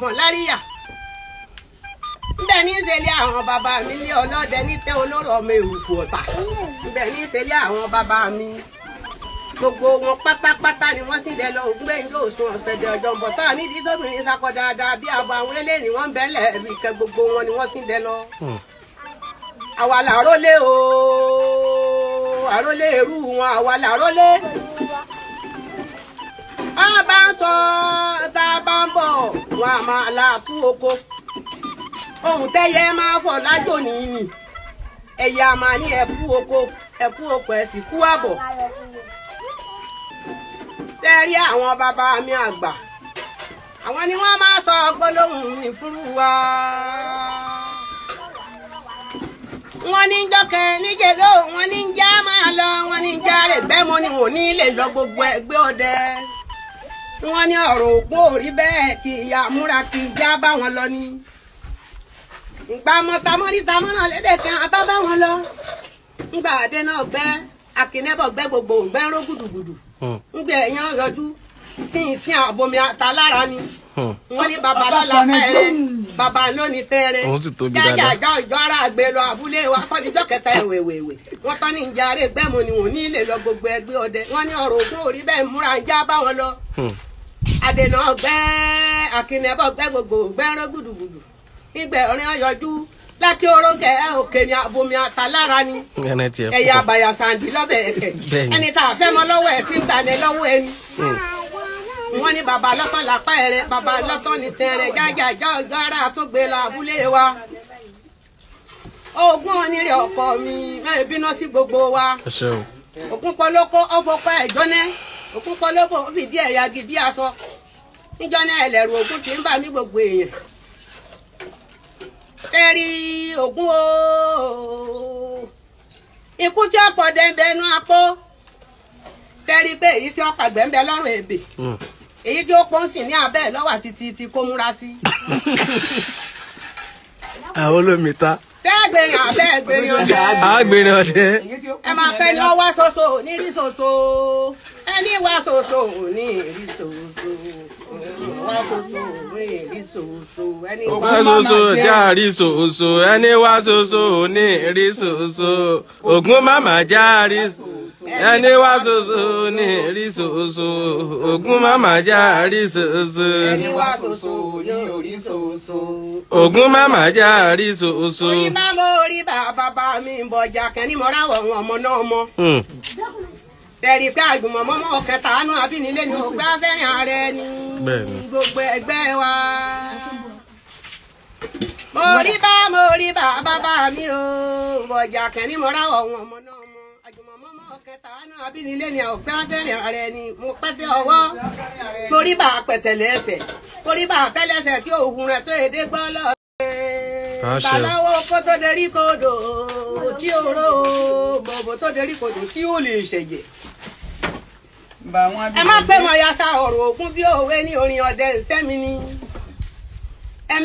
àfọ̀n láríyà nbẹ ní àwọn bàbá mi lé ọlọ́dẹ nítẹ́ olóró ọmọ èrùkù ọ̀tà nbẹ ní àwọn bàbá mi gbogbo wọn pátápátá ni wọ́n sì lẹ lọ ògbé lóòsùn ọ̀sẹ̀ dẹ̀ ọ̀dọ̀ bọ̀ tá nídìí tóbìnrin sakọ dáadáa bí abo àwọn eléyìí wọ́n ń bẹ́lẹ̀ kẹ gbogbo wọn ni wọ́n sì lẹ lọ. àwa làrólé o àrólé èrú wọn àwa làrólé a bá ń sọ tá a bá ń bọ̀. ma la láàfú oko ohun tẹ́yẹ máa fọ̀ lájò nìyí ẹ̀yà máa ní ẹ̀kú oko ẹ̀kú oko ẹ̀ àwọn mi àgbà àwọn ni wọn ma sọ gbólóhùn ní fúru wa wọ́n ní jọkẹ níjẹ ló wọ́n ní já máa lọ wọ́n ní já ni lọ gbogbo ẹgbẹ́ wọ́n ní ọ̀rọ̀ ògbó òrí bẹ́ẹ̀ kì í ya múra kì í já bá lọ ni ìgbà mọ̀tàmọ́rítàmọ́ náà lédè kan abá bá lọ ńgbà àdé náà gbẹ́ akínẹ́bọ̀ gbẹ́ gbogbo ògbẹ́ ró gùdùgùdù ńgbà ẹ̀yàn yọjú tí ì tí àbomi àtàlára ni wọ́n ní baba lọ́la fẹ́ẹ́rẹ́ baba lónìí fẹ́ẹ́rẹ́ jájà àjọ ìjọ ara àgbẹ̀ lọ abúlé wa fọ́díjọ́ kẹta ẹ̀wẹ̀wẹ̀wẹ̀ wọ́n tán ní ìjà rẹ̀ gbẹ́mọ̀ ni wọ́n ní ilé lọ gbogbo ẹgbẹ́ ọdẹ wọ́n ní ọ̀rọ̀ ògùn òrí bẹ́ẹ̀ múra já báwọn lọ àdènà ọgbẹ́ àkìnẹ́bọ̀ gbẹ́ gbogbo gbẹ́rán gbùdùgbùdù ìgbẹ́ orin ọ̀yọ́jú lákì orógẹ òkè ni abomi àtàlára ni ẹ̀yà àbàyà sàǹdí lọ́bẹ̀ ẹ̀kẹ́ ẹni tá a fẹ́ mọ lọ́wọ́ ẹ̀ ti ń ẹni hmm. tó gbé la abúlé wa onírè ọkọ níjọ́ náà ẹlẹ́rù ogun ti ń bà mí gbogbo èèyàn kẹrí ogun ikú tí ọ̀pọ̀ dẹ́gbẹ́ inú apó kẹrí pé èyí tí ọ̀pọ̀ àgbẹ̀ǹbẹ̀ lọ́rùn èbè hmm. èyí tí ó pọ́nsìn ní abẹ́ lọ́wọ́ àti ti kó múra sí. àwọn olómi ta gbẹ̀rìn àbẹ́ gbẹ̀rìn ọ̀dẹ́. àgbẹ̀rìn ọ̀dẹ́. ẹ máa fẹ́ lọ wá ṣoṣo ní rí ṣoṣo ẹni wá ṣoṣo ní rí ṣoṣo òkun ṣoṣo já rí ṣoṣo ẹni wá ṣoṣo òní rí ṣoṣo ògún màmá já rí ẹni wá ṣoṣo òní rí ṣoṣo ògún màmá já rí ṣoṣo ẹni wá ṣoṣo òní rí ṣoṣo ògún màmá já rí ṣoṣo. orí bá mo rí bàbá mi bọ̀jà kẹ́ni mo ráwọ̀ ọmọ náà mọ́. Hmm tẹ̀rí pé àgbìmọ̀mọ́mọ́ kẹta àánú abínilé ni ògbà fẹ́ràn ara ẹni gbogbo ẹgbẹ́ wa. mo rí bá mo rí bá bàbá mi o bọ̀jà kẹ́ni mo rá ọ̀hún ọmọ náà mọ́ àgbìmọ̀mọ́mọ́ kẹta àánú abínilé ni ògbà fẹ́ràn ara ẹni mo pẹ́tẹ́ ọwọ́ mo rí bá pẹ̀tẹ̀lẹ̀ ẹsẹ̀ mo rí bá tẹ́lẹ̀sẹ̀ tí òògùn rẹ̀ tó èdè gbọ́ lọ. bàláwo kó tó derí kodò tí ó bòbò tó derí kodò tí ó lè ṣẹ̀jẹ̀. ẹ má pé mo ya sa ọ̀rọ̀ òkun bí òwe ní orin ìsẹ́mi ni ẹ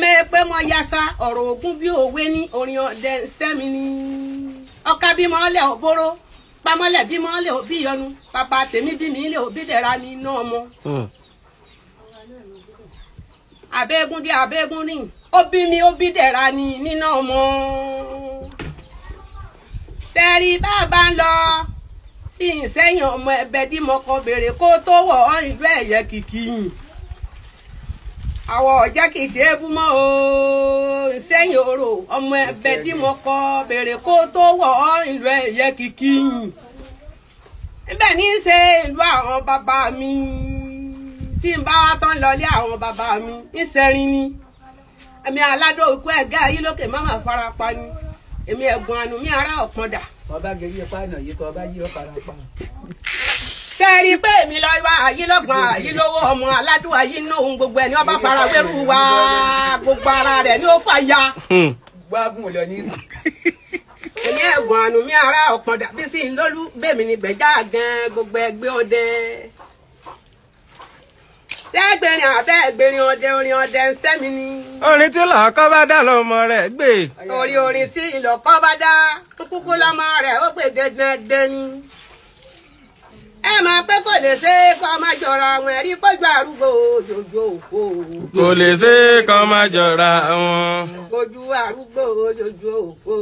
ya ọ̀rọ̀ òkun bí òwe ní orin ọdẹ ìsẹ́mi ni ọkà bímọ ọlẹ òbóró pamọlẹ bímọ ọlẹ òbí yọnu pàpà ilé òbí dẹra ni iná ọmọ abẹ́gún hmm. dé abẹ́gún rìn ó ọmọ. ìsẹ́yìn ọmọ ẹbẹ dí mo kàn béèrè kó tó wọ̀ ọ́ ìlú ẹ̀yẹ kìkì yìí àwọ̀ ọ̀já kìkì ebú mọ́ o ìsẹ́yìn orò ọmọ ẹbẹ dí mo kàn béèrè kó tó wọ̀ ọ́ ìlú ẹ̀yẹ kìkì yìí níbẹ̀ ní í ṣe ìlú àwọn bàbá mi tí n bá wá tán lọlé àwọn bàbá mi ń ṣẹrin ni ẹ̀mí aládó òkú ẹ̀gá yìí lókè má fara pa ni èmi ẹ̀gbọ́n àánú mi ará ọ̀kan dà. ọba gẹ̀rí ẹ̀pá ẹ̀nà yìí kọ́ ọba yí ọ̀pá ara pa. ṣé ẹ rí i pé èmi lọ wá ayé lọ́gbọ̀n ayé lọ́wọ́ ọmọ aládùn ayé náà ohun gbogbo ẹni ọba fara wẹ́rù wá gbogbo ara rẹ̀ ni ó fà ya. Hmm. gbágùn lọ ní ìsìn. èmi ẹ̀gbọ́n àánú mi ará ọ̀kan dà bí sí i lólú bẹ́ẹ̀ mi ni gbẹ̀já gan gbogbo ẹgbẹ́ ọdẹ sẹ́gbẹ̀rin àfẹ́ ẹgbẹ̀rin ọdẹ orin ọdẹ ń sẹ́mi ni. orin tí lọ́kọ́ bá dá lọ́mọ rẹ̀ gbé. orí orin tí ìlọ́kọ́ bá dá kúkú lọ́mọ rẹ̀ ó pè dandan ni. ẹ máa pé kò lè ṣe kọ́ máa jọra àwọn ẹ̀rí kójú àrúgbó òjòjò òkò. kò lè ṣe kọ́ máa jọra àwọn. kójú àrúgbó òjòjò òkò.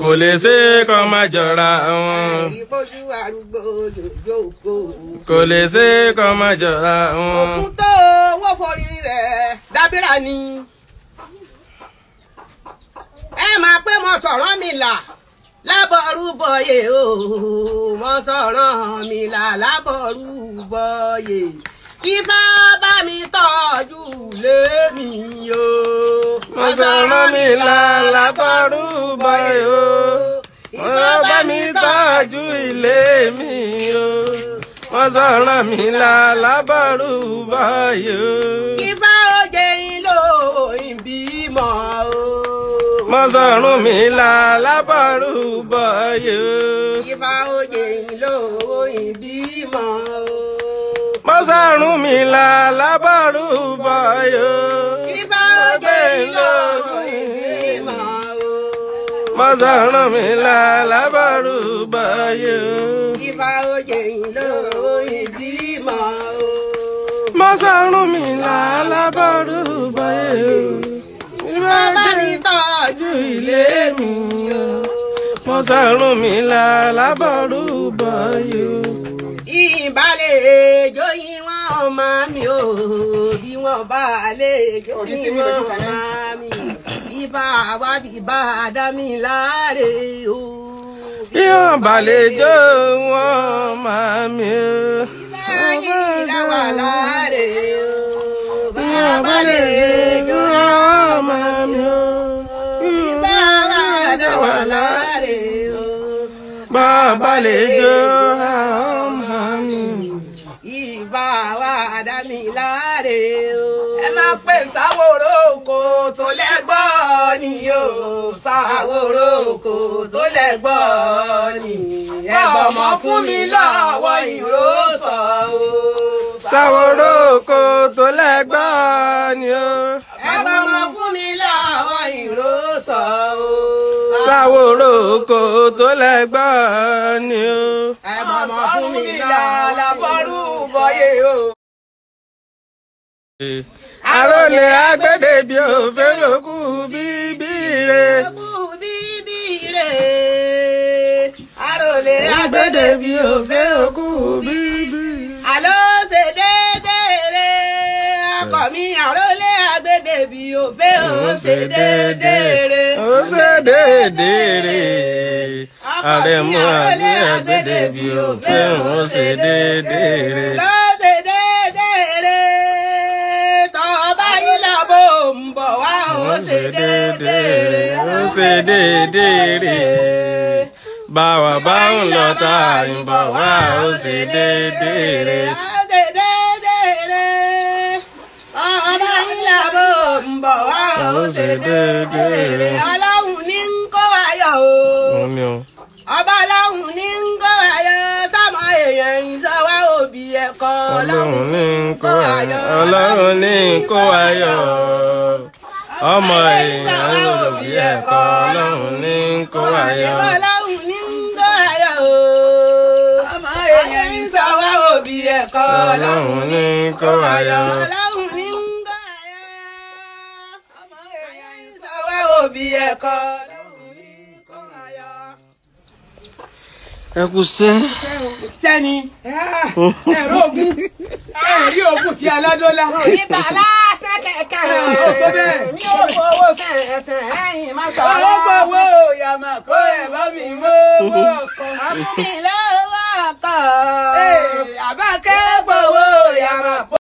kò lè ṣe kọ́ máa jọra àwọn. ẹ̀rí kójú àrúgbó òjòjò òkò. kò lè ṣe kọ́ máa jọra àwọn. òkú bírà ni ẹ máa pé mo sọ̀rọ̀ mi là lábọ̀rúbọ̀yè o mo sọ̀rọ̀ mi là lábọ̀rúbọ̀yè ibà bá mi tọ́jú lémi o mo sọ̀rọ̀ mi là lábọ̀rúbọ̀yè o ibà bá mi tọ́jú ilé mi o mo sọ̀rọ̀ mi là lábọ̀rúbọ̀yè o. sọ̀rùn mi là lábọ̀rù bọ̀yò. Ifá òye ìlówó ìbímọ o. Mo sọ̀rùn mi là lábọ̀rù bọ̀yò. Ifá òye ìlówó ìbímọ o. Mo sọ̀rùn mi là lábọ̀rù bọ̀yò. Ifá òye ìlówó ìbímọ o. Mo sọ̀rùn mi là lábọ̀rù bọ̀yò. Ifá bá mi ṣáájú ilé mi o wọ́n sàrùn mi là lábọ̀rú bọ̀yò. ìbálẹ̀ èjò yín wọ́n ọmọ mi ò bí wọ́n bá lè jó yín wọ́n ọmọ mi ibà wá ibà dá mi láre o. bí wọ́n bá lè jó wọ́n ọmọ mi o. ibà yìí láre o. bí bá lè jó wọ́n ọmọ mi o. bá bá lè jó àwọn ọmọ wa dá mi láre o. ẹ máa pè sáwòrò kò tó lẹ́gbọ́ ni o sáwòrò kò tó lẹ́gbọ́ ni. ẹ̀gbọ́n mọ́ fún mi lọ́wọ́ ìró sọ o. sáwòrò kò tó lẹ́gbọ́ ni o. ẹ̀gbọ́n mọ́ fún mi lọ́wọ́ ìró sọ o àwòrò kò tó lẹ́gbọ́ ni o. ẹ mọ̀ mọ̀ fún mi náà lábọ́rú bọ́yé o. àròlé agbẹ́dẹ́bí ò bi lókù bíbí rẹ̀. bíbí rẹ̀. àròlé agbẹ́dẹ́bí ò fẹ́ lókù bíbí. àlọ́ ṣe déédéé rẹ̀ ọkọ mi àròlé agbẹ́dẹ́bí ò fẹ́ ó ṣe déédéé rẹ̀ ṣe de de àrẹ̀mọ àní àgbẹ̀dẹ̀ bí o fẹ́ wọn ṣe déédéé rè. ló de de, rè tọ́ba yìí lọ́bọ̀ de bọ̀ wá ó ṣe déédéé rè ó ṣe déédéé rè báwa báwọn lọ́tà ń ń bọ̀ wá ó ṣe déédéé rẹ̀ ọlọ́run ní ń kó wa yọ o ọba ọlọ́run ní ń kó wa yọ sọmọ èèyàn ìṣọwọ́ òbí ẹ̀kọ́ ọlọ́run ní ń kó wa yọ ọlọ́run ní ń kó wa yọ ọmọ èèyàn òbí ẹ̀kọ́ ọlọ́run ní ń kó wa yọ. ọlọ́run ní ń kó wa o ọmọ èèyàn ìṣọwọ́ òbí ẹ̀kọ́ ọlọ́run ní ń kó wa yọ. bí ẹ̀kọ́ lóhùn ní nǹkan àyà. ẹ kú sẹ́. sẹ́ni ẹ̀rọ ogun ẹ̀rí ogun sí aládọ́lá. ìbàlá sẹ́kẹ̀kẹ́ ò tó bẹ́ẹ̀. mi ò fowó fẹ̀ẹ̀fẹ̀ ẹ̀yìn má sọ. ọlọ́pàá wo yàmà kó ẹ̀ bá mi mọ́ ọkọ̀. àmúmi lọ́wọ́ ọkọ̀. àbákẹ́.